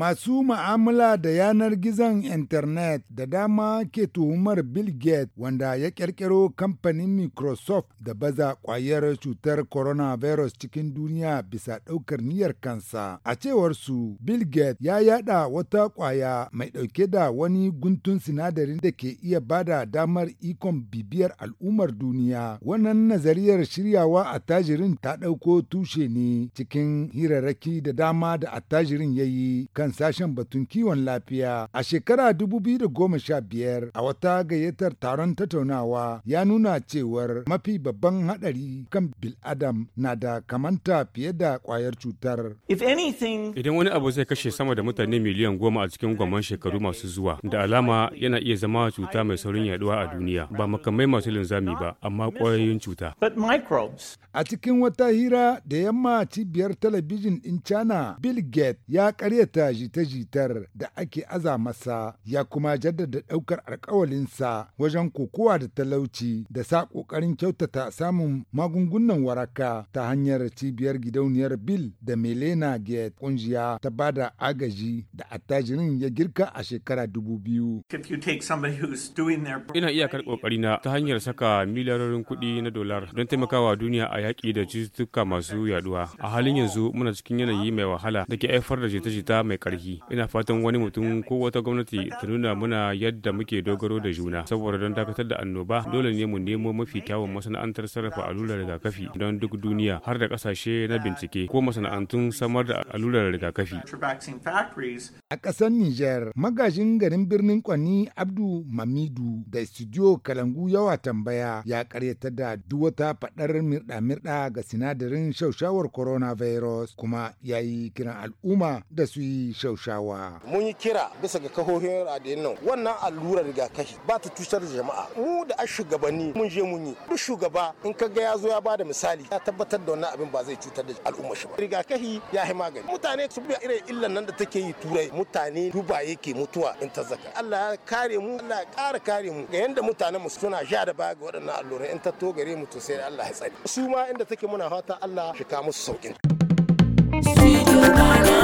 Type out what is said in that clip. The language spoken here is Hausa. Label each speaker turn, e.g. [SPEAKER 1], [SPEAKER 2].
[SPEAKER 1] Masu ma'amala da yanar gizon intanet da dama ke tuhumar Bill Gates wanda ya ƙirƙiro kamfanin Microsoft da baza ƙwayar cutar coronavirus cikin duniya bisa ɗaukar niyyar kansa. A cewar su, Bill Gates ya yada wata ƙwaya mai ɗauke da wani guntun sinadarin da ke iya bada damar ikon bibiyar al'ummar duniya. Wannan nazariyar shiryawa a tajirin ta ɗauko tushe ne cikin hirarraki da dama da a tajirin ya yi kan sashen batun kiwon lafiya a shekara 2015 a wata gayyatar taron tattaunawa ya nuna cewar mafi babban hadari kan bil'adam na da kamanta fiye da kwayar cutar.
[SPEAKER 2] Idan wani abu zai kashe sama da mutane miliyan goma a cikin gwamman shekaru masu zuwa, da alama yana iya zama cuta mai saurin yaduwa a duniya ba makamai masu linzami ba, amma kwayoyin cuta.
[SPEAKER 1] A cikin wata hira da yamma cibiyar talabijin in China, Bill Gates ya karyata jita-jitar da ake aza masa ya kuma jaddada daukar alkawalinsa wajen kokowa da talauci da sa kokarin kyautata samun magungunan waraka ta hanyar cibiyar gidauniyar Bill da Melena get kungiya ta bada agaji da attajirin ya girka a shekara dubu biyu.
[SPEAKER 2] Ina iyakar na ta hanyar saka miliyarorin kuɗi na dolar don taimakawa duniya a yaƙi da cututtuka masu yaduwa. A halin yanzu muna cikin yanayi mai wahala da ke haifar da jita-jita mai ƙarfi ina fatan wani mutum ko wata gwamnati ta nuna muna yadda muke dogaro da juna saboda don dakatar da annoba dole ne mu nemo mafi kyawun masana'antar sarrafa allurar rigakafi don duk duniya har da kasashe na bincike ko masana'antun samar da allurar rigakafi
[SPEAKER 1] a ƙasar Nijar magajin garin birnin Kwani Abdu Mamidu da studio Kalangu yawa tambaya ya karyata da duk wata faɗar mirɗa ga sinadarin shaushawar coronavirus kuma ya yi kiran al'umma da su yi Alhaji Shaushawa.
[SPEAKER 3] Mun yi kira bisa ga kahohin radiyon nan wannan allurar rigakafi ba ta cutar jama'a. Mu da a shugabanni mun je mun yi duk shugaba in ka ga ya zo ya ba da misali ya tabbatar da wannan abin ba zai cutar da al'umma shi ba. Rigakafi ya yi magani. Mutane su bi irin illan nan da take yi turai mutane duba ke mutuwa in ta zaka. Allah ya kare mu Allah ya kara kare mu ga yanda mutane mu suna sha da baya ga waɗannan allurai in ta to gare mu to sai Allah ya tsare. Su ma inda take muna fata Allah shi ka musu saukin. Studio Ghana.